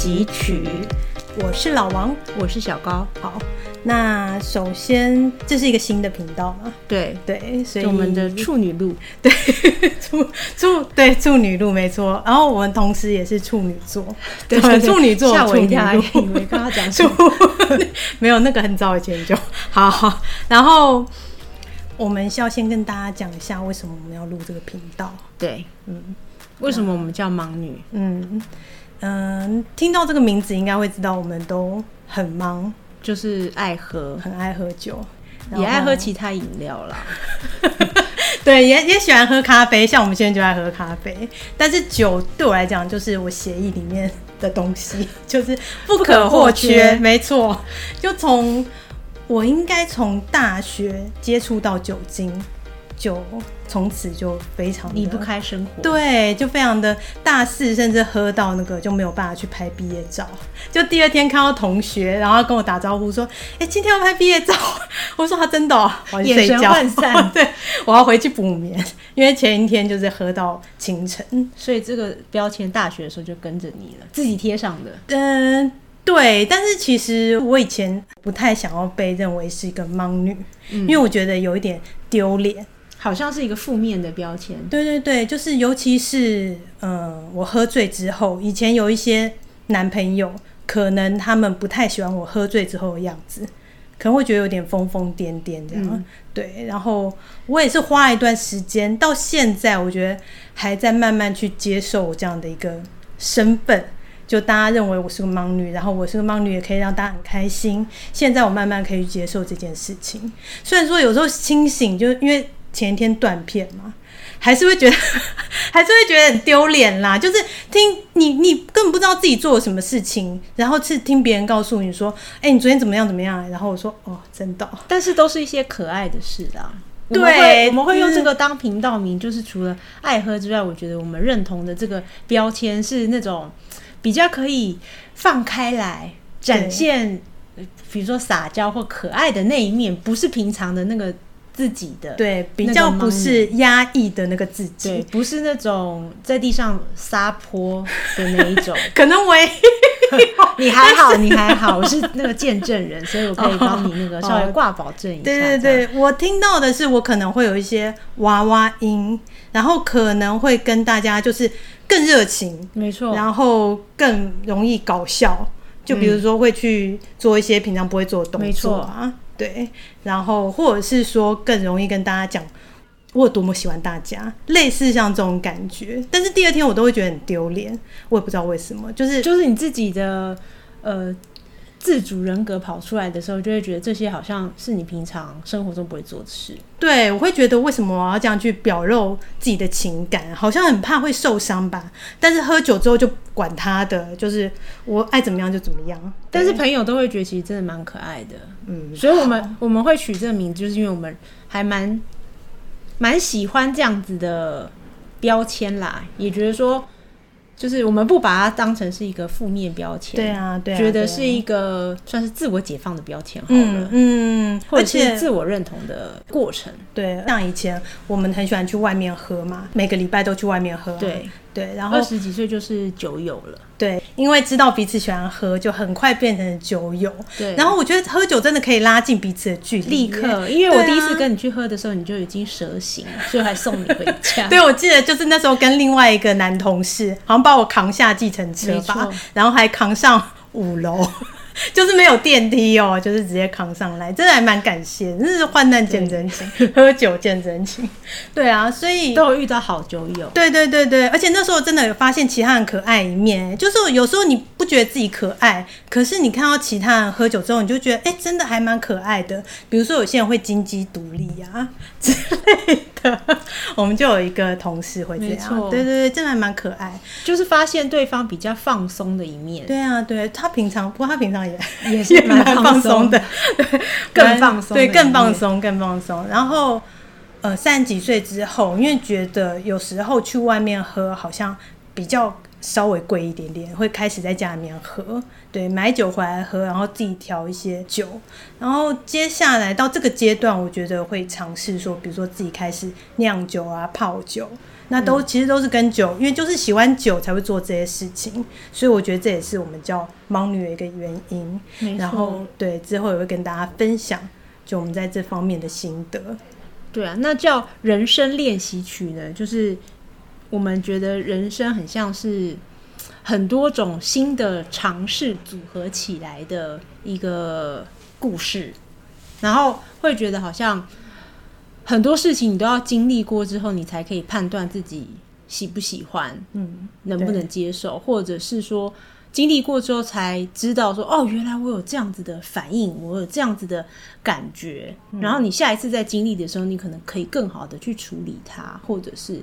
汲取，我是老王，我是小高。好，那首先這是一個新的頻道嘛？對對，所以我們的處女錄，對，處處對處女錄沒錯。然後我們同時也是處女座，對，對，對，對處女座嚇我一跳，以為跟他講處 沒有那個很早以前就。好好，然後我們需要先跟大家講一下，為什麼我們要錄這個頻道？對，嗯，為什麼我們叫茫女？嗯。嗯，聽到這個名字應該會知道，我們都很忙，就是愛喝，很愛喝酒，也愛喝其他飲料啦。 對，也也喜歡喝咖啡，像我們現在就愛喝咖啡。但是酒對我來講，就是我血液裡面的東西，就是不可或缺。不可或缺沒錯，就從我應該從大學接觸到酒精。就從此就非常離不開生活，對，就非常的大肆，甚至喝到那個就沒有辦法去拍畢業照。就第二天看到同學，然後跟我打招呼說：“哎、欸，今天要拍畢業照。”我說：“他、啊、真的、哦。我就睡覺”眼神渙散， 對，我要回去補眠，因為前一天就是喝到清晨，所以這個標籤大學的時候就跟着你了，自己貼上的。嗯，對。但是其實我以前不太想要被認為是一個茫女，嗯、因為我覺得有一點丟臉。好像是一個負面的標籤。對對對，就是尤其是，呃，我喝醉之後，以前有一些男朋友，可能他們不太喜歡我喝醉之後的樣子，可能會覺得有點瘋瘋癲癲這樣。嗯、對，然後我也是花一段時間，到現在，我覺得還在慢慢去接受我這樣的一個身份。就大家認為我是個茫女，然後我是個茫女也可以讓大家很開心。現在我慢慢可以接受這件事情，雖然說有時候清醒，就是因為。前一天斷片嘛，還是會覺得，還是會覺得很丟臉啦。就是聽你，你根本不知道自己做了什麼事情，然後是聽別人告訴你說：“哎，你昨天怎麼樣怎麼樣？”然後我說：“哦，真的。”但是都是一些可愛的事啦。對，我，我們會用這個當頻道名，就是除了愛喝之外，我覺得我們認同的這個標籤是那種比較可以放開來展現，對，比如說撒嬌或可愛的那一面，不是平常的那個。自己的對，比較不是壓抑的那個自己。對，不是那種在地上撒潑的那一種。 可能我還 你還好，你還好，我是那個見證人，所以我可以幫你那個稍微掛保證一下，哦哦。對對對，我聽到的是我可能會有一些娃娃音，然後可能會跟大家就是更熱情，沒錯，然後更容易搞笑。就比如說會去做一些平常不會做的動作啊。沒錯。對，然後或者是說更容易跟大家講我有多麼喜歡大家，類似像這種感覺。但是第二天我都會覺得很丟臉，我也不知道為什麼，就是就是你自己的呃。自主人格跑出來的時候，就會覺得這些好像是你平常生活中不會做的事。對，我會覺得為什麼我要這樣去表露自己的情感？好像很怕會受傷吧。但是喝酒之後就管他的，就是我愛怎麼樣就怎麼樣。嗯、對但是朋友都會覺得其實真的蠻可愛的。嗯，所以我們、啊、我們會取這名，就是因為我們還蠻蠻喜歡這樣子的標籤啦，也覺得說。就是我們不把它當成是一個負面標籤，啊，對啊，覺得是一個算是自我解放的標籤好了，嗯，啊，而且，啊，自我認同的過程，嗯，對，像以前我們很喜歡去外面喝嘛，每個禮拜都去外面喝，啊，對。對，然後二十幾歲就是酒友了。對，因為知道彼此喜歡喝，就很快變成酒友。對，然後我覺得喝酒真的可以拉近彼此的距離，yeah, 立刻。因為我第一次跟你去喝的時候，啊、你就已經蛇行，所以還送你回家。 對，我記得就是那時候跟另外一個男同事，好像把我扛下計程車吧，錯然後還扛上五樓。就是沒有電梯哦、喔，就是直接扛上來，真的還蠻感謝，真是患難見真情，對喝酒見真情，對啊，所以都有遇到好酒友，對對對對，而且那時候真的有發現其他人可愛一面，就是有時候你不覺得自己可愛，可是你看到其他人喝酒之後，你就覺得哎、欸，真的還蠻可愛的，比如說有些人會金雞獨立呀、啊、之類。 我們就有一個同事會這樣，沒錯。對對對，真的還蠻可愛，就是發現對方比較放鬆的一面。對啊，對，他平常，不過他平常也也是蠻放鬆的，更放鬆，對，更放鬆，更放鬆。然後，呃，三十幾歲之後，因為覺得有時候去外面喝好像比較。稍微貴一點點，會開始在家裡面喝，對，買酒回來喝，然後自己調一些酒。然後接下來到這個階段，我覺得會嘗試說，比如說自己開始釀酒啊、泡酒，那都、嗯、其實都是跟酒，因為就是喜歡酒才會做這些事情。所以我覺得這也是我們叫茫女的一個原因。沒錯。然後對，之後也會跟大家分享，就我們在這方面的心得。對啊，那叫人生練習曲呢，就是。我們覺得人生很像是很多種新的嘗試組合起來的一個故事，然後會覺得好像很多事情你都要經歷過之後，你才可以判斷自己喜不喜歡，嗯，能不能接受，或者是說經歷過之後才知道說哦，原來我有這樣子的反應，我有這樣子的感覺，然後你下一次再經歷的時候，你可能可以更好的去處理它，或者是。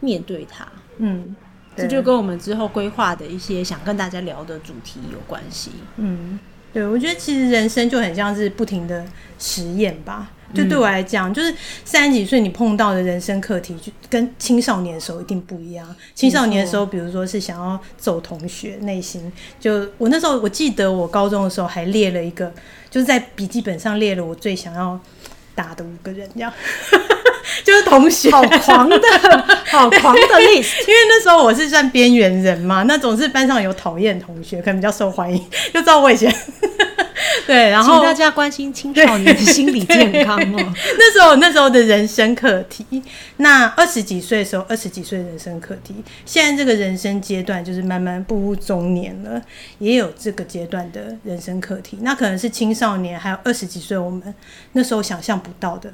面對他，嗯，這就跟我們之後規劃的一些想跟大家聊的主題有關係，嗯，對，我覺得其實人生就很像是不停的實驗吧，嗯、就對我來講，就是三十幾歲你碰到的人生課題，就跟青少年的時候一定不一樣。錯青少年的時候，比如說是想要揍同學，內心就我那時候我記得我高中的時候還列了一個，就是在筆記本上列了我最想要打的五個人，這樣。 就是同學，好狂的好狂的歷史， 因為那時候我是算邊緣人嘛，那總是班上有討厭同學，可能比較受歡迎，就照我以前。 對，然後請大家關心青少年的心理健康哦、喔。那時候，那時候的人生課題，那二十幾歲的時候，二十幾歲人生課題，現在這個人生階段就是慢慢步入中年了，也有這個階段的人生課題，那可能是青少年還有二十幾歲我們那時候想象不到的。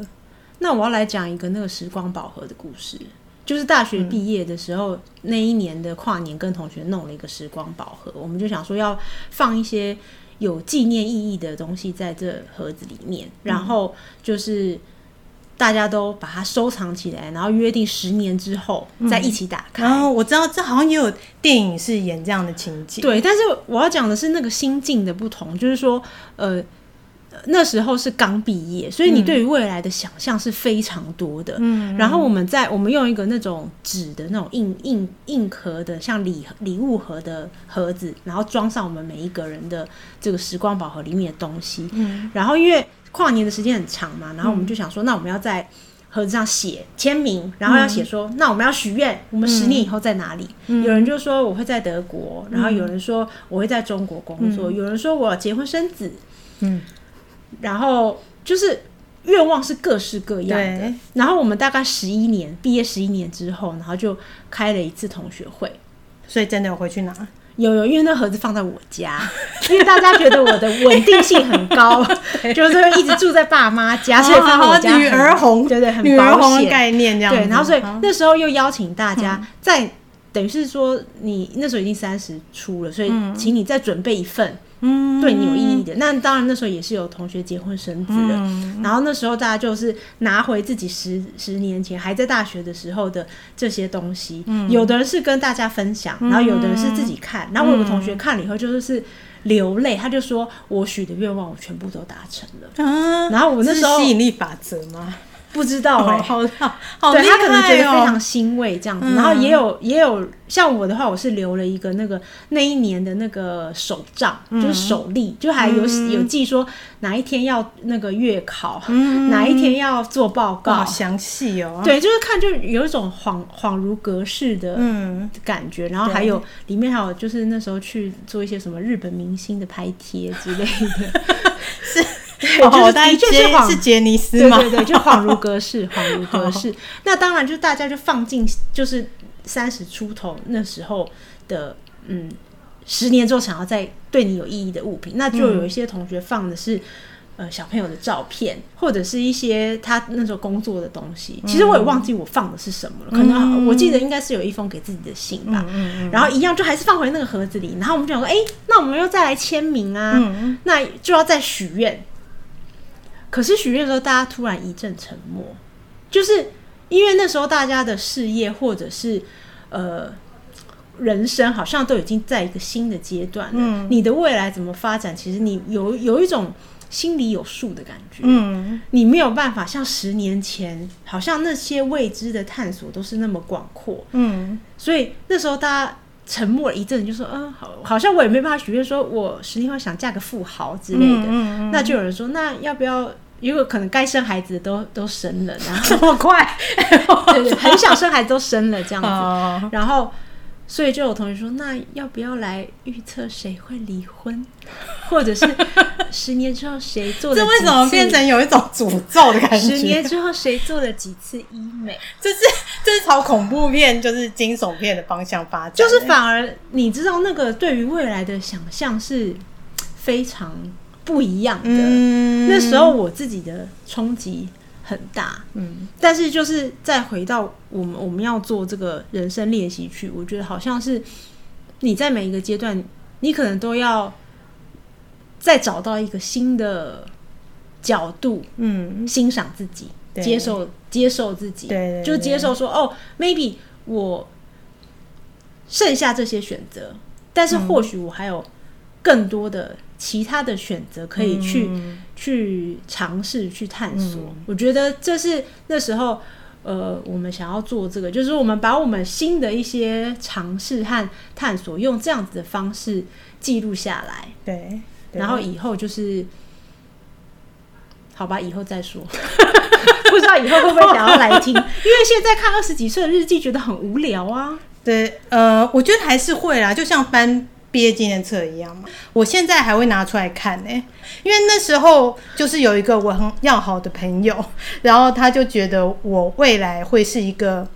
那我要來講一個那個時光寶盒的故事，就是大學畢業的時候，嗯，那一年的跨年，跟同學弄了一個時光寶盒，我們就想說要放一些有紀念意義的東西在這盒子裡面，然後就是大家都把它收藏起來，然後約定十年之後再一起打開。嗯，然後我知道這好像也有電影是演這樣的情節，對。但是我要講的是那個心境的不同，就是說呃。那時候是剛畢業，所以你對於未來的想象是非常多的。嗯，然後我們在我們用一個那種紙的那種硬硬硬殼的，像禮禮物盒的盒子，然後裝上我們每一個人的這個時光寶盒裡面的東西。嗯，然後因為跨年的時間很長嘛，然後我們就想說，嗯、那我們要在盒子上寫簽名，然後要寫說，嗯、那我們要許願，我們十年以後在哪裡？嗯嗯、有人就說我會在德國，然後有人說我會在中國工作，嗯、有人說我、嗯、有人說我要結婚生子，嗯。然後就是願望是各式各樣的。對然後我們大概十一年畢業，十一年之後，然後就開了一次同學會。所以真的有回去拿？有有，因為那盒子放在我家， 因為大家覺得我的穩定性很高， 就是一直住在爸媽家， 所以放在我家。 女兒紅，對對，很保險女兒紅的概念這樣子。對，然後所以那時候又邀請大家，在、嗯、等於是說你那時候已經三十出了，所以請你再準備一份。嗯對你有意義的。那當然那時候也是有同學結婚生子的，嗯、然後那時候大家就是拿回自己十十年前還在大學的時候的這些東西，嗯、有的人是跟大家分享，嗯、然後有的人是自己看。嗯、然後我有個同學看了以後就是流淚，他就說：“我許的願望我全部都達成了。”嗯、然後我那時候吸引力法則嗎？不知道好。哦哦、好，好，好，好厲害哦、對，他可能覺得非常欣慰這樣子。然後也有也有像我的話，我是留了一個那個那一年的那個手賬，嗯、就是手曆，就還有、嗯、有記說哪一天要那個月考，嗯、哪一天要做報告，好詳細哦，對，就是看就有一種恍恍如隔世的感覺。嗯、然後還有對裡面還有就是那時候去做一些什麼日本明星的拍貼之類的， 是。對，哦、就是的確是是傑尼斯，嘛對，對對，就恍如隔世， 恍如隔世。那當然，就大家就放進，就是三十出頭那時候的，嗯，十年之後想要再對你有意義的物品，那就有一些同學放的是、嗯、呃小朋友的照片，或者是一些他那時候工作的東西。其實我也忘記我放的是什麼了，嗯、可能我記得應該是有一封給自己的信吧。嗯、然後一樣就還是放回那個盒子裡，然後我們就想說，哎，那我們又再來簽名啊，嗯、那就要再許願。可是許願的時候，大家突然一陣沉默，就是因為那時候大家的事業或者是呃人生好像都已經在一個新的階段了。嗯、你的未來怎麼發展？其實你有有一種心裡有數的感覺。嗯，你沒有辦法像十年前，好像那些未知的探索都是那麼廣闊。嗯，所以那時候大家沉默了一陣，就說：“嗯、呃，好，好像我也沒辦法許願，說我十年後想嫁個富豪之類的。嗯嗯嗯嗯”那就有人說：“那要不要？”如果可能，該生孩子都都生了，然後這麼快， 對對，很想生孩子都生了這樣子， 然後，所以就有同學說，那要不要來預測誰會離婚， 或者是十年之後誰做了？這為什麼變成有一種詛咒的感覺？十年之後誰做了幾次醫美？ 就是這、就是朝恐怖片，就是驚悚片的方向發展。就是反而你知道，那個對於未來的想象是非常。不一樣的。嗯，那時候我自己的衝擊很大，嗯，但是就是再回到我們我們要做這個人生練習去，我覺得好像是你在每一個階段，你可能都要再找到一個新的角度，嗯，欣賞自己，對，接受接受自己，對，對，對，就接受說哦，maybe 我剩下這些選擇，但是或許我還有更多的。其他的選擇可以去、嗯、去嘗試去探索，嗯、我覺得這是那時候呃，我們想要做這個，就是我們把我們新的一些嘗試和探索用這樣子的方式記錄下來。對，對，然後以後就是好吧，以後再說。 不知道以後會不會想要來聽？ 因為現在看二十幾歲的日記覺得很無聊啊。對，呃，我覺得還是會啦，就像翻。畢業紀念冊一樣嘛，我現在還會拿出來看呢，因為那時候就是有一個我很要好的朋友，然後他就覺得我未來會是一個。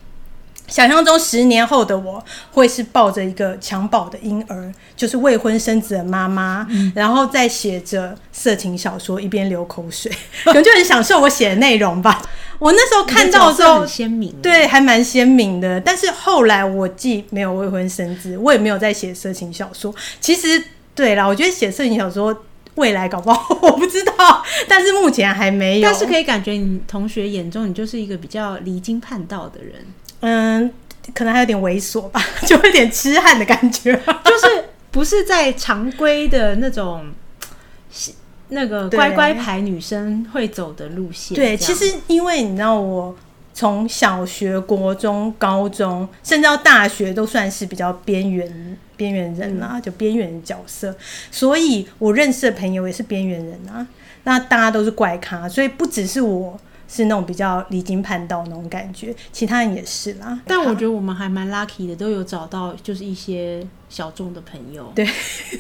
想象中十年後的我會是抱着一個襁褓的嬰兒，就是未婚生子的媽媽，嗯，然後在寫着色情小說一邊流口水， 可能就很享受我寫的內容吧。我那時候看到的時候，鮮明對，還蠻鮮明的。但是後來我既沒有未婚生子，我也沒有在寫色情小說。其實，對啦，我覺得寫色情小說未來搞不好，我不知道。但是目前還沒有。但是可以感覺你同學眼中你就是一個比較離經叛道的人。嗯，可能還有點猥瑣吧，就有點痴漢的感覺，就是不是在常規的那種那個乖乖牌女生會走的路線對。對，其實因為你知道我，我從小學、國中、高中，甚至到大學，都算是比較邊緣邊緣人啦、啊，就邊緣角色。嗯、所以我認識的朋友也是邊緣人啊，那大家都是怪咖，所以不只是我。是那種比較離經叛道的那種感覺，其他人也是啦。但我覺得我們還蠻 lucky 的，都有找到就是一些小眾的朋友。對，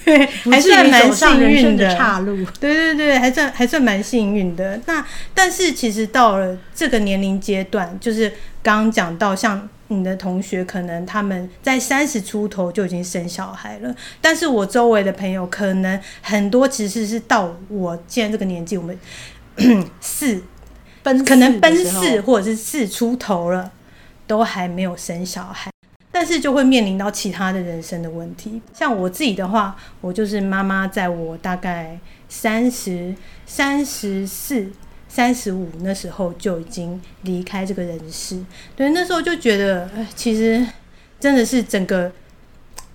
對，對，還算蠻幸運的。岔路，對對對，還算還算蠻幸運的。那但是其實到了這個年齡階段，就是剛剛講到，像你的同學，可能他們在三十出頭就已經生小孩了。但是我周圍的朋友，可能很多其實是到我現在這個年紀，我們 是。可能奔四或者是四出頭了，都還沒有生小孩，但是就會面臨到其他的人生的問題。像我自己的話，我就是媽媽，在我大概三十三、三十四、三十五那時候就已經離開這個人世。對，那時候就覺得，其實真的是整個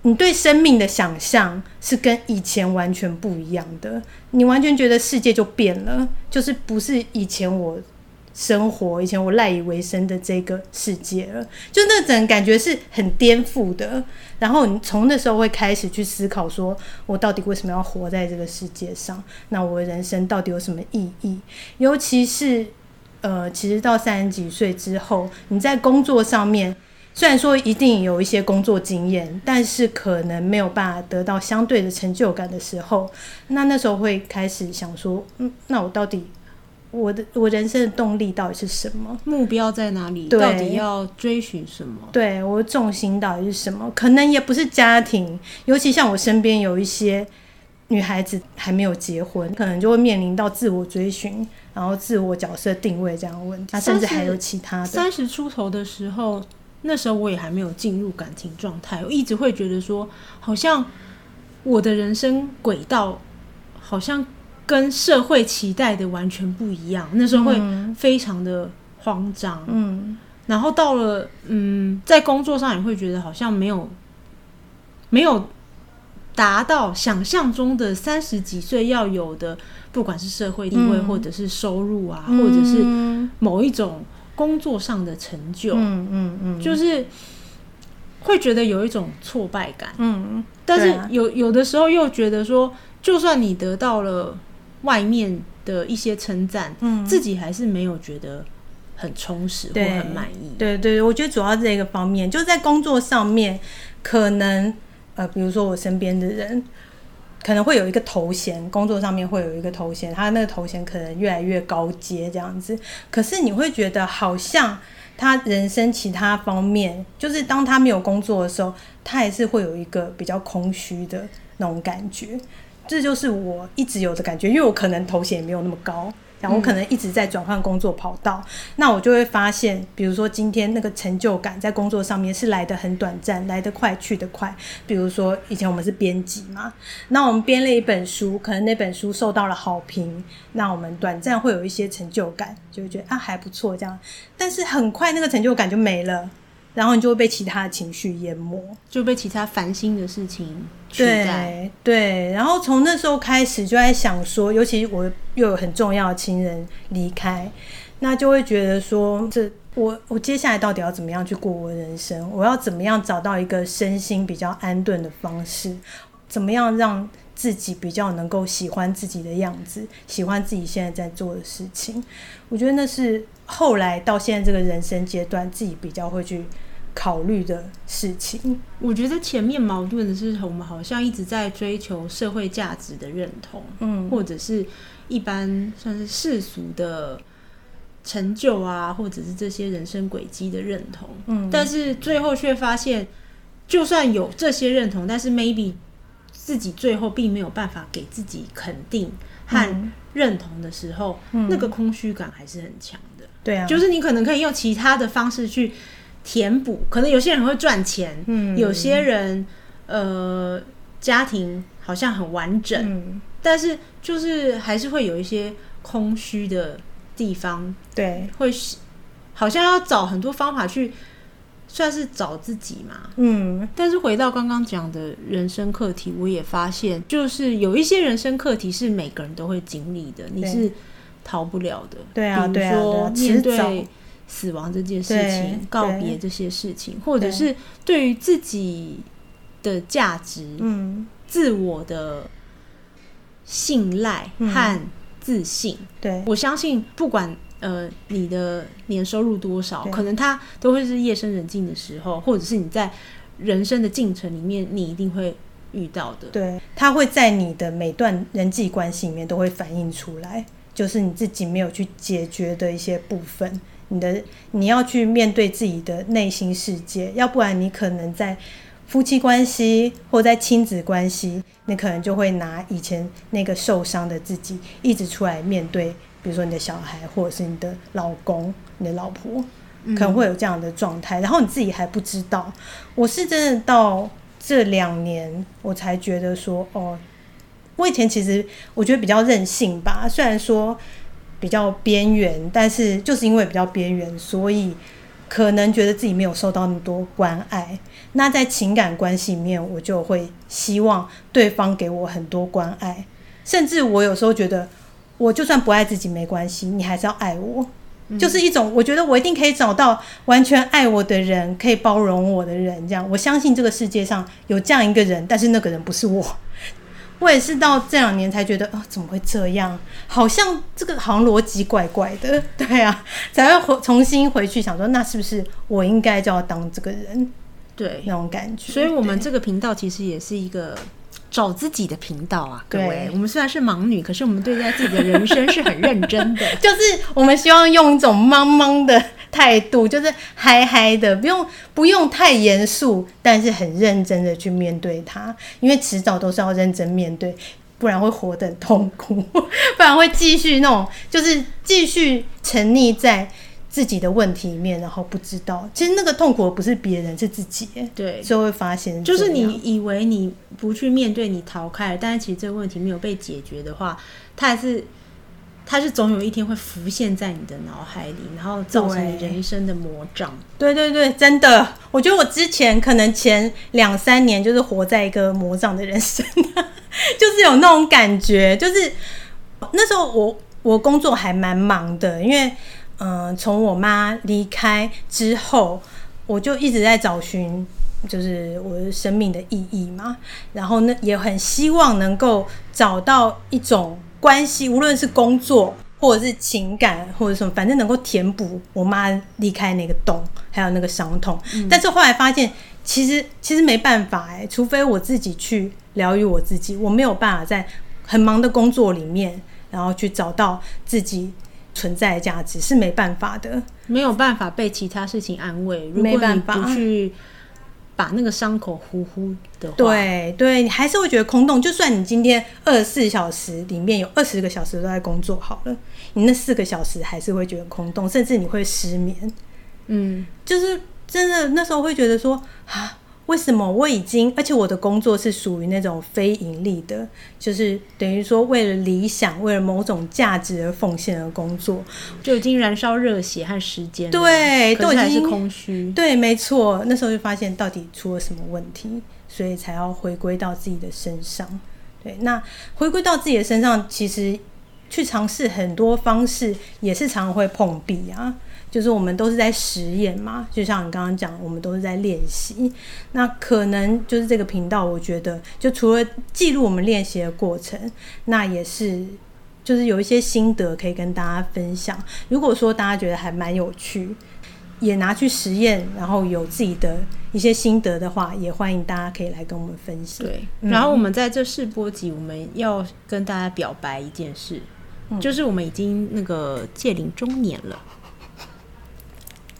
你對生命的想象是跟以前完全不一樣的，你完全覺得世界就變了，就是不是以前我。生活以前我賴以為生的這個世界了，就那種感覺是很顛覆的。然後你從那時候會開始去思考說我到底為什麼要活在這個世界上？那我的人生到底有什麼意義？尤其是呃，其實到三十幾歲之後，你在工作上面雖然說一定有一些工作經驗，但是可能沒有辦法得到相對的成就感的時候，那那時候會開始想說，嗯，那我到底？我的我人生的動力到底是什麼？目標在哪裡？對到底要追尋什麼？對，我的重心到底是什麼？可能也不是家庭，尤其像我身邊有一些女孩子還沒有結婚，可能就會面臨到自我追尋，然後自我角色定位這樣的問題。30, 啊、甚至還有其他三十出頭的時候，那時候我也還沒有進入感情狀態，我一直會覺得說，好像我的人生軌道好像。跟社會期待的完全不一樣，那時候會非常的慌張。嗯，然後到了嗯，在工作上也會覺得好像沒有沒有達到想象中的三十幾歲要有的，不管是社會地位或者是收入啊，嗯、或者是某一種工作上的成就。嗯嗯嗯，嗯嗯就是會覺得有一種挫敗感。嗯嗯，啊、但是有有的時候又覺得說，就算你得到了。外面的一些稱讚，嗯，自己還是沒有覺得很充實或很滿意。對，對對，我覺得主要是這一個方面，就是在工作上面，可能呃，比如說我身邊的人，可能會有一個頭銜，工作上面會有一個頭銜，他那個頭銜可能越來越高階這樣子。可是你會覺得好像他人生其他方面，就是當他沒有工作的時候，他還是會有一個比較空虛的那種感覺。這就是我一直有的感覺，因為我可能頭銜也沒有那麼高，然後我可能一直在轉換工作跑道，嗯、那我就會發現，比如說今天那個成就感在工作上面是來得很短暫，來得快去得快。比如說以前我們是編輯嘛，那我們編了一本書，可能那本書受到了好評，那我們短暫會有一些成就感，就會覺得啊，還不錯這樣，但是很快那個成就感就沒了。然後你就會被其他的情緒淹沒，就被其他煩心的事情取代。對。對，然後從那時候開始就在想說，尤其我又有很重要的親人離開，那就會覺得說，這我我接下來到底要怎麼樣去過我的人生？我要怎麼樣找到一個身心比較安頓的方式？怎麼樣讓自己比較能夠喜歡自己的樣子，喜歡自己現在在做的事情？我覺得那是後來到現在這個人生階段，自己比較會去。考慮的事情，我覺得前面矛盾的是，我們好像一直在追求社會價值的認同，嗯，或者是一般算是世俗的成就啊，或者是這些人生軌跡的認同，嗯，但是最後卻發現，就算有這些認同，但是 maybe 自己最後並沒有辦法給自己肯定和認同的時候，嗯，嗯，那個空虛感還是很強的，對啊，就是你可能可以用其他的方式去。填補，可能有些人會賺錢，嗯，有些人呃家庭好像很完整，嗯，但是就是還是會有一些空虛的地方，對，會好像要找很多方法去算是找自己嘛，嗯。但是回到剛剛講的人生課題，我也發現就是有一些人生課題是每個人都會經歷的，對，你是逃不了的，對啊，對啊，對啊，遲早，你對。死亡這件事情，對告別這些事情，對或者是對於自己的價值、嗯對，自我的信賴和自信。對，我相信，不管呃你的年收入多少，對可能它都會是夜深人靜的時候，或者是你在人生的進程裡面，你一定會遇到的。對，它會在你的每段人際關係裡面都會反映出來，就是你自己沒有去解決的一些部分。你的你要去面對自己的內心世界，要不然你可能在夫妻關係或在親子關係，你可能就會拿以前那個受傷的自己一直出來面對，比如說你的小孩或者是你的老公、你的老婆，可能會有這樣的狀態，嗯、然後你自己還不知道。我是真的到這兩年我才覺得說，哦，我以前其實我覺得比較任性吧，雖然說。比較邊緣，但是就是因為比較邊緣，所以可能覺得自己沒有受到那麼多關愛。那在情感關係裡面，我就會希望對方給我很多關愛，甚至我有時候覺得，我就算不愛自己沒關係，你還是要愛我。嗯。就是一種我覺得我一定可以找到完全愛我的人，可以包容我的人。這樣我相信這個世界上有這樣一個人，但是那個人不是我。我也是到這兩年才覺得，哦，怎麼會這樣？好像這個好像邏輯怪怪的，對啊，才會回重新回去想說，那是不是我應該就要當這個人？對，那種感覺。所以，我們這個頻道其實也是一個。找自己的頻道啊，各位。對 我們雖然是茫女，可是我們對待自己的人生是很認真的。 就是我們希望用一種茫茫的態度，就是嗨嗨的，不用不用太嚴肅，但是很認真的去面對它，因為遲早都是要認真面對，不然會活得很痛苦，不然會繼續那種就是繼續沉溺在。自己的問題裡面，然後不知道，其實那個痛苦不是別人，是自己。對，所以會發現，就是你以為你不去面對，你逃開了，但是其實這個問題沒有被解決的話，它還是，它是總有一天會浮現在你的腦海裡，然後造成你人生的魔障。對對對，真的，我覺得我之前可能前兩三年就是活在一個魔障的人生，就是有那種感覺，就是那時候我我工作還蠻忙的，因為。嗯，從、呃、我媽離開之後，我就一直在找尋，就是我的生命的意義嘛。然後呢，也很希望能夠找到一種關係，無論是工作，或者是情感，或者什麼，反正能夠填補我媽離開那個洞，還有那個傷痛。嗯、但是後來發現，其實其實沒辦法哎、欸，除非我自己去療癒我自己，我沒有辦法在很忙的工作裡面，然後去找到自己。存在的價值是沒辦法的，沒有辦法被其他事情安慰。如果你不去把那個傷口呼呼的話，對對，你還是會覺得空洞。就算你今天二十四小時裡面有二十個小時都在工作，好了，你那四個小時還是會覺得空洞，甚至你會失眠。嗯，就是真的那時候會覺得說啊。為什麼我已經，而且我的工作是屬於那種非營利的，就是等於說為了理想、為了某種價值而奉獻的工作，就已經燃燒熱血和時間，對，是是都已經空虛，對，沒錯。那時候就發現到底出了什麼問題，所以才要回歸到自己的身上。對，那回歸到自己的身上，其實去嘗試很多方式，也是常常會碰壁啊。就是我們都是在實驗嘛，就像你剛剛講，我們都是在練習。那可能就是這個頻道，我覺得就除了記錄我們練習的過程，那也是就是有一些心得可以跟大家分享。如果說大家覺得還蠻有趣，也拿去實驗，然後有自己的一些心得的話，也歡迎大家可以來跟我們分享。對，嗯、然後我們在這試播集，我們要跟大家表白一件事，嗯、就是我們已經那個屆齡中年了。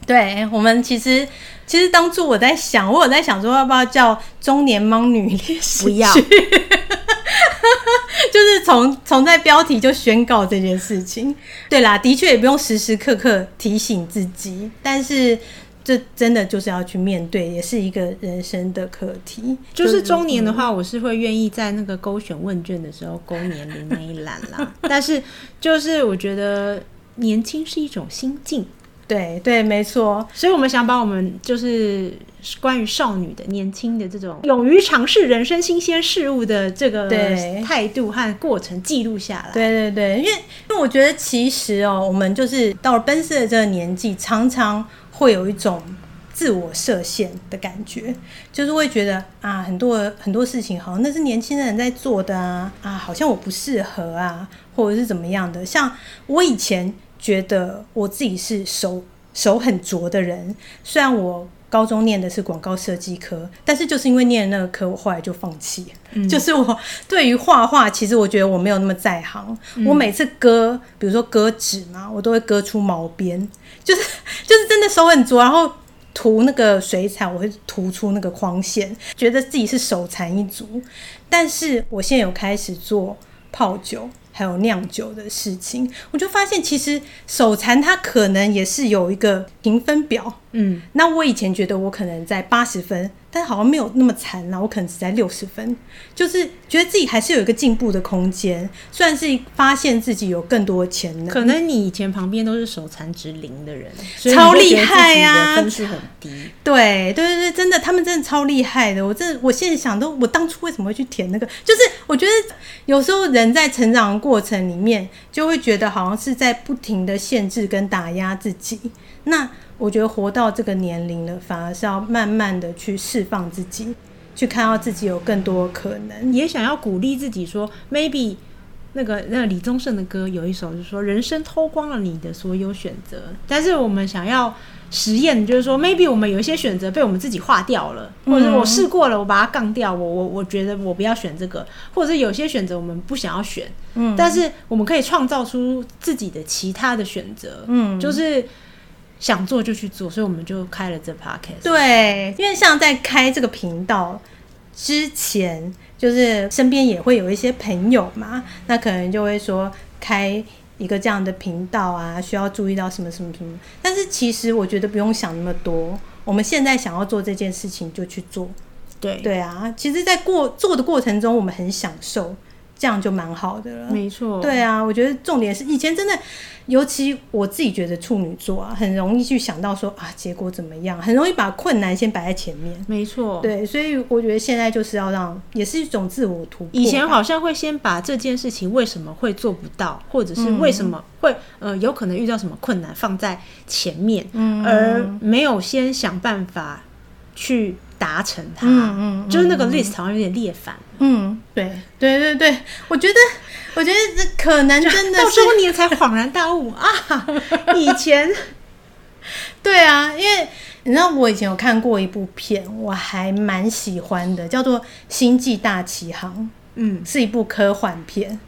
對，我們其實其實當初我在想，我有在想說要不要叫中年茫女律師？不要， 就是從從在標題就宣告這件事情。對啦，的確也不用時時刻刻提醒自己，但是這真的就是要去面對，也是一個人生的課題。就是中年的話，嗯、我是會願意在那個勾選問卷的時候勾年齡那一欄啦。 但是就是我覺得年輕是一種心境。對對，沒錯，所以我們想把我們就是關於少女的、年輕的這種勇於嘗試人生新鮮事物的這個態度和過程記錄下來。對對對，因為因為我覺得其實哦，我們就是到了奔四的這個年紀，常常會有一種自我設限的感覺，就是會覺得啊，很多很多事情好像，那是年輕人在做的啊，啊，好像我不適合啊，或者是怎麼樣的。像我以前。覺得我自己是手手很拙的人，雖然我高中念的是廣告設計科，但是就是因為念的那個科，我後來就放棄。嗯、就是我對於畫畫，其實我覺得我沒有那麼在行。嗯、我每次割，比如說割紙嘛，我都會割出毛邊，就是就是真的手很拙。然後塗那個水彩，我會塗出那個框線，覺得自己是手殘一族。但是我現在有開始做泡酒。還有釀酒的事情，我就發現其實手殘它可能也是有一個評分表，嗯，那我以前覺得我可能在八十分。但好像沒有那麼慘啦，我可能只在六十分，就是覺得自己還是有一個進步的空間，算是發現自己有更多的潛能。可能你以前旁邊都是手殘值零的人，超厲害呀！分數很低，對、啊、對對對，真的，他們真的超厲害的。我這我現在想都，我當初為什麼會去填那個？就是我覺得有時候人在成長的過程裡面，就會覺得好像是在不停的限制跟打壓自己。那我覺得活到這個年齡了，反而是要慢慢的去釋放自己，去看到自己有更多的可能，也想要鼓勵自己說，maybe 那個那個，李宗盛的歌有一首就是說，人生偷光了你的所有選擇，但是我們想要實驗，就是說，maybe 我們有一些選擇被我們自己劃掉了，或者是我試過了，我把它槓掉，我我我覺得我不要選這個，或者是有些選擇我們不想要選，嗯，但是我們可以創造出自己的其他的選擇，嗯，就是。想做就去做，所以我們就開了這 podcast。對，因為像在開這個頻道之前，就是身邊也會有一些朋友嘛，那可能就會說開一個這樣的頻道啊，需要注意到什麼什麼什麼。但是其實我覺得不用想那麼多，我們現在想要做這件事情就去做。對對啊，其實在過做的過程中，我們很享受。這樣就蠻好的了，沒錯 錯。對啊，我覺得重點是以前真的，尤其我自己覺得處女座啊，很容易去想到說啊，結果怎麼樣，很容易把困難先擺在前面。沒錯 錯，對，所以我覺得現在就是要讓，也是一種自我突破。以前好像會先把這件事情為什麼會做不到，或者是為什麼會呃有可能遇到什麼困難放在前面，而沒有先想辦法去達成它，嗯嗯，就是那個 list 好像有點列反。嗯，對對對對，我覺得，我覺得可能真的，到時候你才恍然大悟啊！以前， 對啊，因為你知道，我以前有看過一部片，我還蠻喜歡的，叫做《星際大奇航》，嗯，是一部科幻片。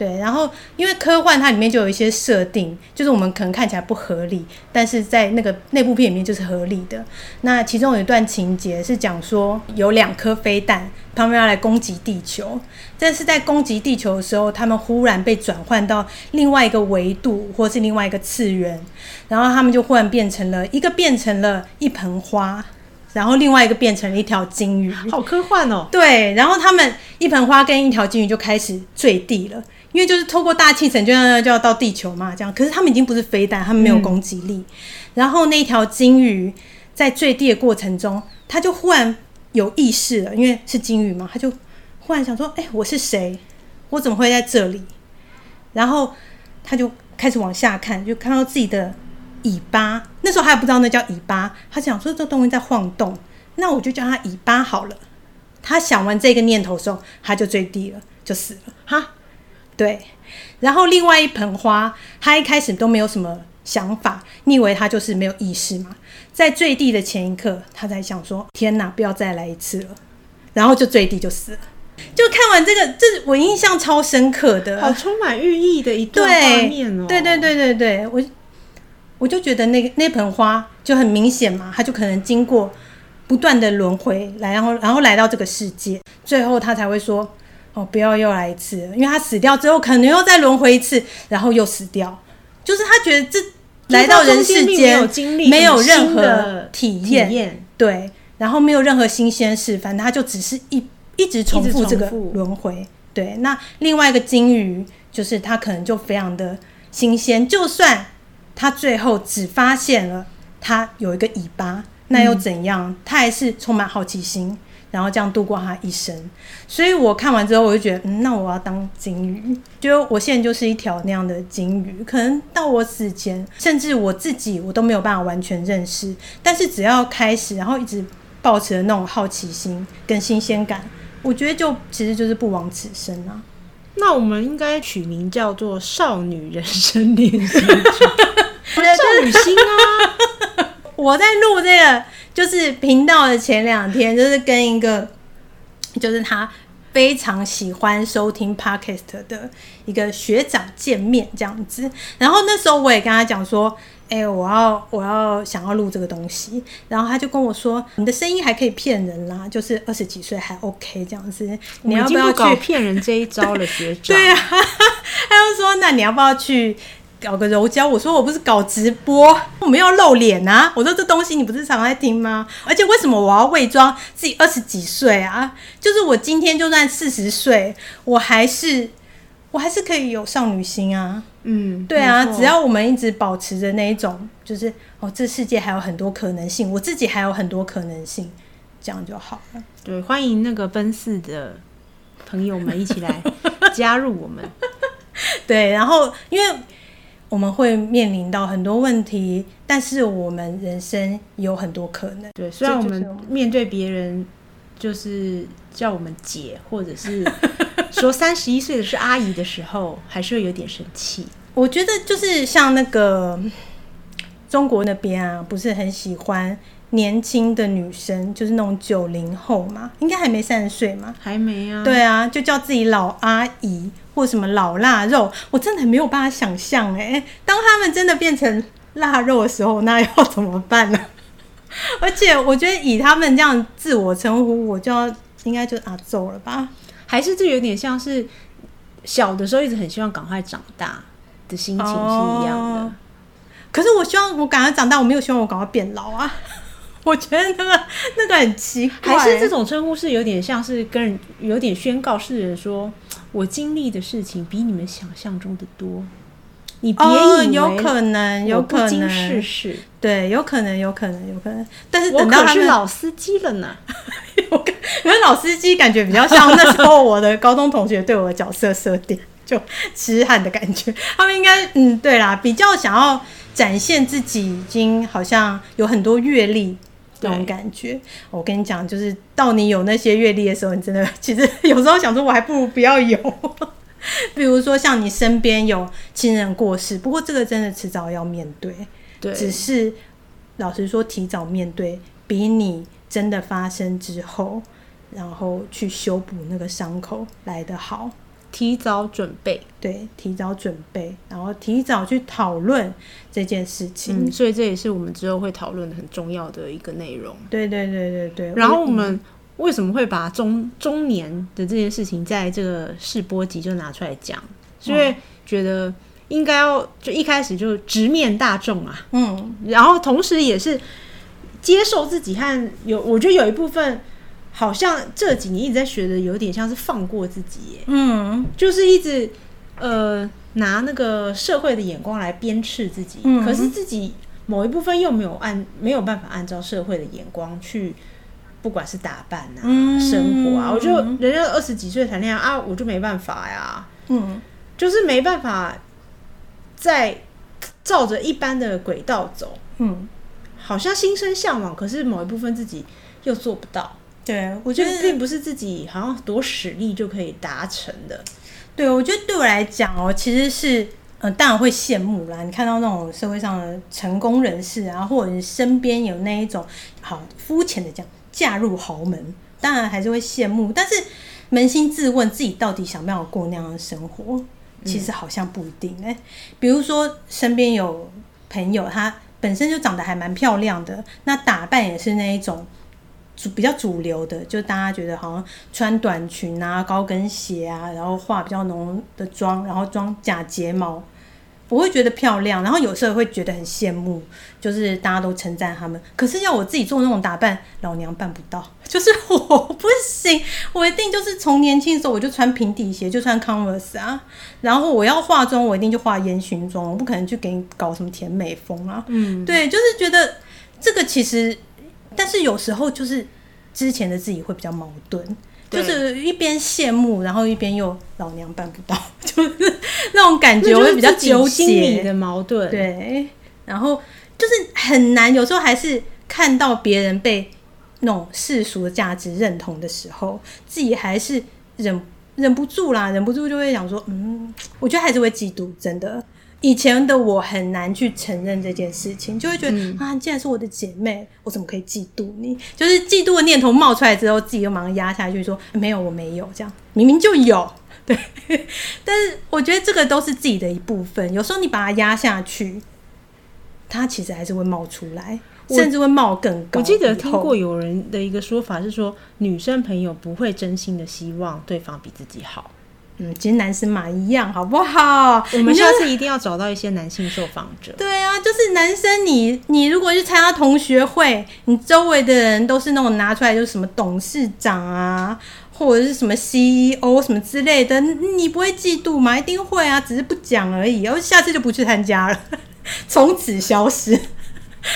對，然後因為科幻它裡面就有一些設定，就是我們可能看起來不合理，但是在那個那部片裡面就是合理的。那其中有一段情節是講說有兩顆飛彈，他們要來攻擊地球，但是在攻擊地球的時候，他們忽然被轉換到另外一個維度或是另外一個次元，然後他們就忽然變成了一個變成了一盆花，然後另外一個變成了一條金魚。好科幻哦！對，然後他們一盆花跟一條金魚就開始墜地了。因為就是透過大氣層就要就要到地球嘛，這樣。可是他們已經不是飛彈，他們沒有攻擊力。嗯、然後那條金魚在墜地的過程中，他就忽然有意識了，因為是金魚嘛，他就忽然想說：“哎、欸，我是誰？我怎麼會在這裡？”然後他就開始往下看，就看到自己的尾巴。那時候他還不知道那叫尾巴，他想說：“這東西在晃動，那我就叫它尾巴好了。”他想完這個念頭的時候，他就墜地了，就死了。哈。對，然後另外一盆花，他一開始都沒有什麼想法，你以為他就是沒有意識嘛？在墜地的前一刻，他才想說：“天哪，不要再來一次了。”然後就墜地就死了。就看完這個，這是我印象超深刻的，好充滿寓意的一段，對，畫面哦。對對對對對，我我就覺得那個那盆花就很明顯嘛，他就可能經過不斷的輪迴來，然後然後來到這個世界，最後他才會說。哦，不要又來一次，因為他死掉之後，可能又再輪回一次，然後又死掉。就是他覺得這來到人世間沒有經歷，沒有任何體驗，對，然後沒有任何新鮮事，反正他就只是一一直重複這個輪回。對，那另外一個金魚，就是他可能就非常的新鮮，就算他最後只發現了他有一個尾巴，那又怎樣？他還是充滿好奇心。然後這樣度過他一生，所以我看完之後，我就覺得，嗯，那我要當金魚，就我現在就是一條那樣的金魚，可能到我死前，甚至我自己，我都沒有辦法完全認識。但是只要開始，然後一直抱持那種好奇心跟新鮮感，我覺得就其實就是不枉此生啊。那我們應該取名叫做《少女人生練習》， 少女心啊！ 我在錄這個。就是頻道的前兩天，就是跟一個就是他非常喜歡收聽 podcast 的一個學長見面這樣子。然後那時候我也跟他講說：“哎、欸，我要我要想要錄這個東西。”然後他就跟我說：“你的聲音還可以騙人啦、啊，就是二十幾歲還 OK 這樣子，你要不要去騙人這一招了？”學長， 對啊，他就說：“那你要不要去？”搞個柔焦，我說我不是搞直播，我沒有露臉啊！我說，這東西你不是常在聽嗎？而且為什麼我要偽裝自己二十幾歲啊？就是我今天就算四十歲，我還是我還是可以有少女心啊！嗯，對啊，沒錯。只要我們一直保持着那一種，就是哦，這世界還有很多可能性，我自己還有很多可能性，這樣就好了。對，歡迎那個奔四的朋友們一起來加入我們。 對，然後因為。我們會面臨到很多問題，但是我們人生有很多可能。對，雖然我們面對別人就是叫我們姐，或者是說三十一歲的是阿姨的時候， 還是會有點生氣。我覺得就是像那個中國那邊啊，不是很喜歡。年輕的女生就是那種九零後嘛，應該還沒三十歲嘛，還沒啊？對啊，就叫自己老阿姨或什麼老臘肉，我真的很沒有辦法想象哎，當他們真的變成臘肉的時候，那要怎麼辦呢、啊？而且我覺得以他們這樣自我稱呼，我就要應該就阿祖了吧？還是就有點像是小的時候一直很希望趕快長大的心情是一樣的。哦、可是我希望我趕快長大，我沒有希望我趕快變老啊。我覺得那個那個很奇怪、欸，還是這種稱呼是有點像是跟人有點宣告世人說，我經歷的事情比你們想象中的多。你別以為、哦、有可能，有可能，事事對，有可能，有可能，有可能。但是等到他們是老司機了呢？ 因為老司機感覺比較像那時候我的高中同學對我的角色設定， 就痴漢的感覺。他們應該嗯，對啦，比較想要展現自己已經好像有很多閱歷。這種感覺，對我跟你講，就是到你有那些閱歷的時候，你真的其實有時候想說，我還不如不要有。 比如說像你身邊有親人過世，不過這個真的遲早要面對。對，只是老實說，提早面對比你真的發生之後，然後去修補那個傷口來得好。提早準備，對，提早準備，然後提早去討論這件事情，嗯，所以這也是我們之後會討論的很重要的一個內容。對對對對對。然後我們為什麼會把中中年的這件事情在這個試播集就拿出來講？嗯，是因為覺得應該要就一開始就直面大眾啊，嗯，然後同時也是接受自己和有，還有我覺得有一部分，好像這幾年一直在學的，有點像是放過自己耶，嗯，就是一直呃拿那個社會的眼光來鞭笞自己，嗯、可是自己某一部分又沒有按沒有辦法按照社會的眼光去，不管是打扮啊、嗯、生活啊，我就人家二十幾歲談戀愛啊，我就沒辦法呀，嗯，就是沒辦法再照着一般的軌道走，嗯，好像心生嚮往，可是某一部分自己又做不到。對我覺得並不是自己好像多使力就可以達成的。對我覺得對我來講哦、喔，其實是嗯，當然會羨慕啦。你看到那種社會上的成功人士啊，或者是身邊有那一種好膚淺的這樣嫁入豪門，當然還是會羨慕。但是捫心自問，自己到底想不想過那樣的生活？其實好像不一定哎、欸。嗯、比如說身邊有朋友，她本身就長得還蠻漂亮的，那打扮也是那一種。比較主流的，就是大家覺得好像穿短裙啊、高跟鞋啊，然後化比較濃的妝，然後裝假睫毛，我會覺得漂亮。然後有時候會覺得很羨慕，就是大家都稱讚他們。可是要我自己做那種打扮，老娘辦不到，就是我不行，我一定就是從年輕的時候我就穿平底鞋，就穿 Converse 啊。然後我要化妝，我一定就化煙熏妝，我不可能去給你搞什麼甜美風啊。嗯，對，就是覺得這個其實。但是有時候就是之前的自己會比較矛盾，對就是一邊羨慕，然後一邊又老娘辦不到，就是那種感覺，我會比較糾結的矛盾。對，然後就是很難，有時候還是看到別人被那種世俗的價值認同的時候，自己還是忍忍不住啦，忍不住就會想說，嗯，我覺得還是會嫉妒，真的。以前的我很難去承認這件事情，就會覺得、嗯、啊，你既然是我的姐妹，我怎麼可以嫉妒你？就是嫉妒的念頭冒出來之後，自己又馬上壓下去，說、欸、沒有，我沒有這樣，明明就有。對，但是我覺得這個都是自己的一部分。有時候你把它壓下去，它其實還是會冒出來，甚至會冒更高。我，我記得聽過有人的一個說法是說，女生朋友不會真心的希望對方比自己好。嗯，其實男生嘛一樣，好不好？我們下次一定要找到一些男性受訪者、就是。對啊，就是男生你，你你如果去參加同學會，你周圍的人都是那種拿出來就是什麼董事長啊，或者是什麼 CEO 什麼之類的，你不會嫉妒嗎？一定會啊，只是不講而已，然後下次就不去參加了，從此消失，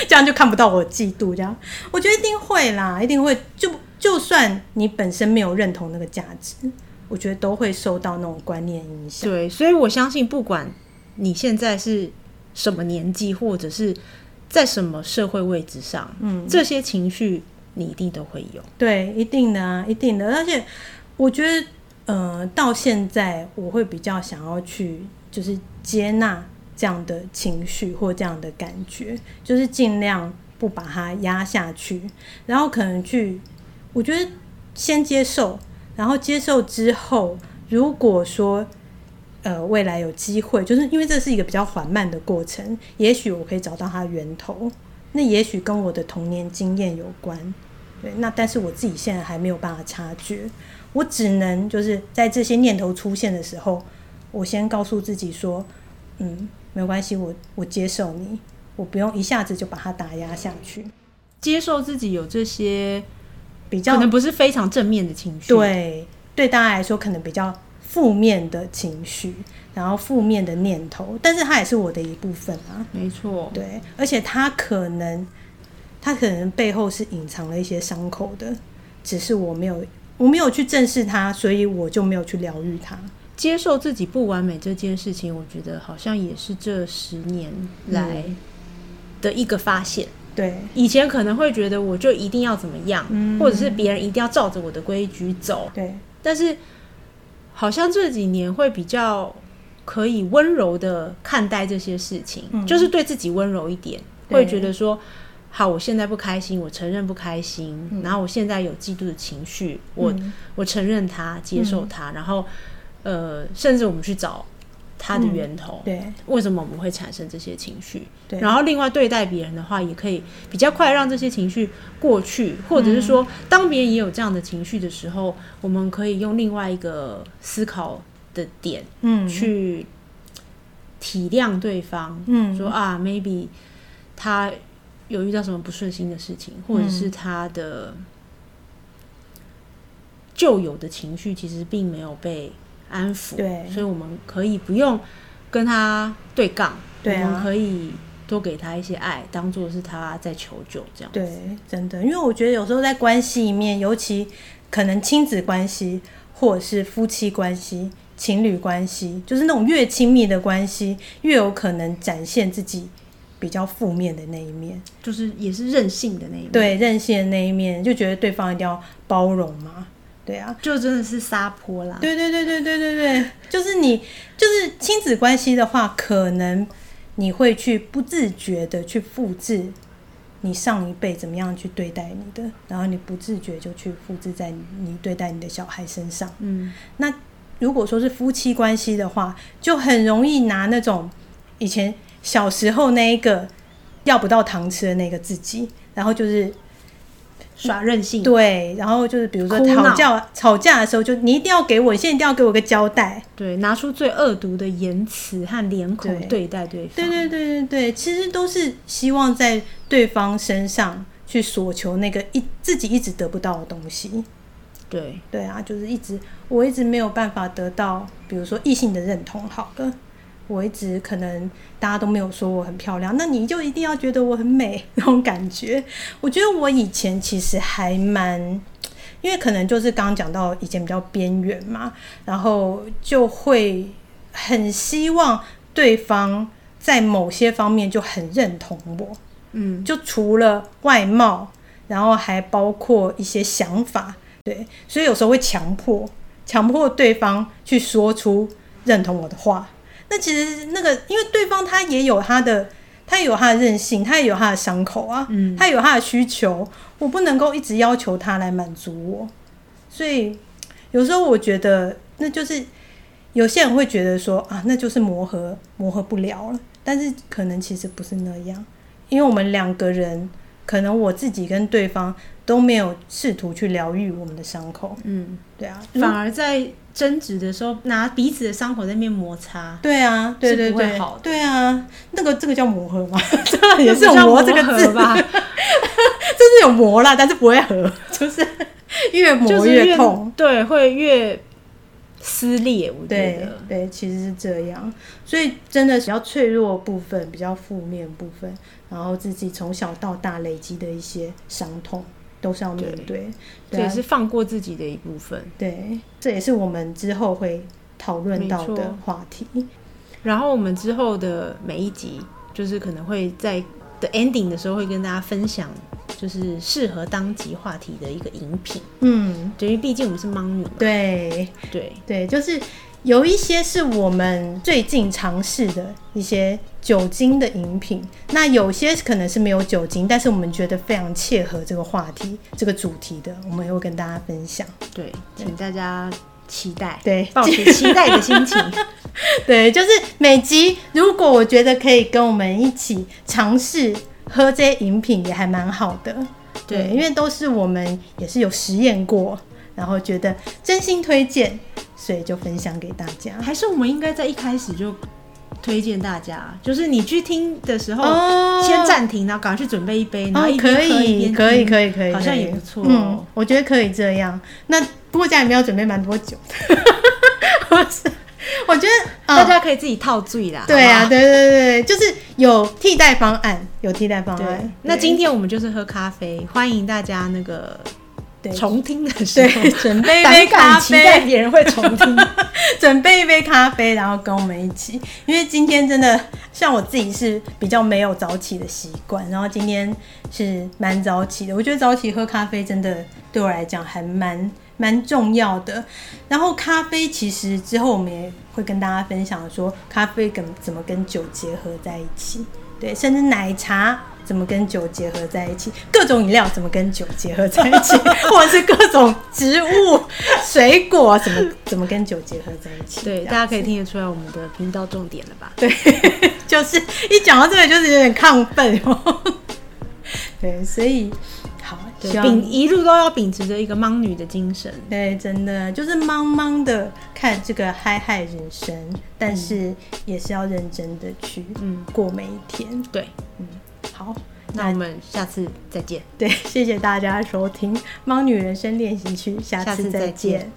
這樣就看不到我嫉妒這樣。我覺得一定會啦，一定會，就就算你本身沒有認同那個價值。我覺得都會受到那種觀念影響。對，所以我相信，不管你現在是什麼年紀，或者是在什麼社會位置上，嗯，這些情緒你一定都會有。對，一定的啊，一定的。而且，我覺得，呃，到現在，我會比較想要去，就是接納這樣的情緒或這樣的感覺，就是盡量不把它壓下去，然後可能去，我覺得先接受。然後接受之後，如果說，呃，未來有機會，就是因為這是一個比較緩慢的過程，也許我可以找到它源頭，那也許跟我的童年經驗有關，對，那但是我自己現在還沒有辦法察覺，我只能就是在這些念頭出現的時候，我先告訴自己說，嗯，沒關係，我我接受你，我不用一下子就把它打壓下去，接受自己有這些。比較可能不是非常正面的情緒，對，對大家來說可能比較負面的情緒，然後負面的念頭，但是它也是我的一部分啊，沒錯，對，而且它可能，它可能背後是隱藏了一些傷口的，只是我沒有我沒有去正視它，所以我就沒有去療癒它，接受自己不完美這件事情，我覺得好像也是這十年來的一個發現。嗯對，以前可能會覺得我就一定要怎麼樣，嗯、或者是別人一定要照着我的規矩走。對，但是好像這幾年會比較可以溫柔的看待這些事情，嗯、就是對自己溫柔一點，對、會覺得說，好，我現在不開心，我承認不開心，嗯、然後我現在有嫉妒的情緒，我、嗯、我承認它，接受它，嗯、然後呃，甚至我們去找。他的源頭，嗯、對，為什麼我們會產生這些情緒？對，然後另外對待別人的話，也可以比較快讓這些情緒過去，或者是說，當別人也有這樣的情緒的時候，嗯、我們可以用另外一個思考的點，嗯，去體諒對方，嗯，說啊，maybe 他有遇到什麼不順心的事情，嗯、或者是他的舊有的情緒，其實並沒有被。安撫，對，所以我們可以不用跟他對槓，對啊，我們可以多給他一些愛，當做是他在求救這樣子。對，真的，因為我覺得有時候在關係裡面，尤其可能親子關係，或者是夫妻關係、情侶關係，就是那種越親密的關係，越有可能展現自己比較負面的那一面，就是也是任性的那一面。對，任性的那一面，就覺得對方一定要包容嘛。對啊，就真的是撒潑啦！對對對對對對對，就是你，就是親子關係的話，可能你會去不自覺的去複製你上一輩怎麼樣去對待你的，然後你不自覺就去複製在你，你對待你的小孩身上。嗯，那如果說是夫妻關係的話，就很容易拿那種以前小時候那一個要不到糖吃的那個自己，然後就是。耍任性、嗯、對，然後就是比如說吵架鬧吵架的時候，就你一定要給我，現在一定要給我個交代，對，拿出最惡毒的言辭和臉孔對，對待對方，對對對對對，其實都是希望在對方身上去索求那個一自己一直得不到的東西，對對啊，就是一直我一直沒有辦法得到，比如說異性的認同，好的。我一直可能大家都沒有說我很漂亮，那你就一定要覺得我很美那種感覺。我覺得我以前其實還蠻，因為可能就是剛剛講到以前比較邊緣嘛，然後就會很希望對方在某些方面就很認同我。嗯，就除了外貌，然後還包括一些想法，對，所以有時候會強迫強迫對方去說出認同我的話。那其實那個，因為對方他也有他的，他也有他的任性，他也有他的傷口啊，嗯，他有他的需求，我不能夠一直要求他來滿足我，所以有時候我覺得那就是有些人會覺得說啊，那就是磨合磨合不了了，但是可能其實不是那樣，因為我們兩個人可能我自己跟對方都沒有試圖去療癒我們的傷口，嗯，對啊，嗯，反而在，爭執的時候，拿彼此的傷口在那邊摩擦，對啊，對對對，對啊，那個這個叫磨合嗎？ 也是有磨這個字吧，就 是有磨啦，但是不會合，就是越磨越痛，對，會越撕裂。我覺得對，對，其實是這樣，所以真的比較脆弱的部分，比較負面的部分，然後自己從小到大累積的一些傷痛。都是要面對，對對啊，這也是放過自己的一部分。對，這也是我們之後會討論到的話題。然後我們之後的每一集，就是可能會在的 ending 的時候，會跟大家分享，就是適合當集話題的一個飲品。嗯，因為畢竟我們是茫女，對對對，就是。有一些是我們最近嘗試的一些酒精的飲品，那有些可能是沒有酒精，但是我們覺得非常切合這個話題、這個主題的，我們也會跟大家分享。對，請大家期待。對，抱着期待的心情。對， 對，就是每集如果我覺得可以跟我們一起嘗試喝這些飲品，也還蠻好的。對，對，因為都是我們也是有實驗過，然後覺得真心推薦。所以就分享給大家。還是我們應該在一開始就推薦大家，就是你去聽的時候，哦、先暫停，然後趕快去準備一杯，然後一邊喝，可以可以可以可以，好像也不錯，喔、嗯，我覺得可以這樣。那不過家裡面要準備蠻多酒， 我覺得、嗯、大家可以自己套醉啦。對啊，好好對，對對對，就是有替代方案，有替代方案。對對那今天我們就是喝咖啡，歡迎大家那個。對重聽的時候，準備一杯咖啡。別人會重聽？ 準備一杯咖啡，然後跟我們一起。因為今天真的，像我自己是比較沒有早起的習慣，然後今天是蠻早起的。我覺得早起喝咖啡真的對我來講還蠻蠻重要的。然後咖啡其實之後我們也會跟大家分享說，咖啡跟怎麼跟酒結合在一起，對，甚至奶茶。怎麼跟酒結合在一起？各種飲料怎麼跟酒結合在一起？ 或者是各種植物、 水果怎麼怎麼跟酒結合在一起？對，大家可以聽得出來我們的頻道重點了吧？對，就是一講到這個就是有點亢奮哦。對，所以好對秉一路都要秉持着一個茫女的精神。對，對真的就是茫茫的看這個嗨嗨人生，但是也是要認真的去過每一天。嗯、對，嗯。好，那我們下次再見。對，謝謝大家收聽《茫女人生練習曲》，下次再見。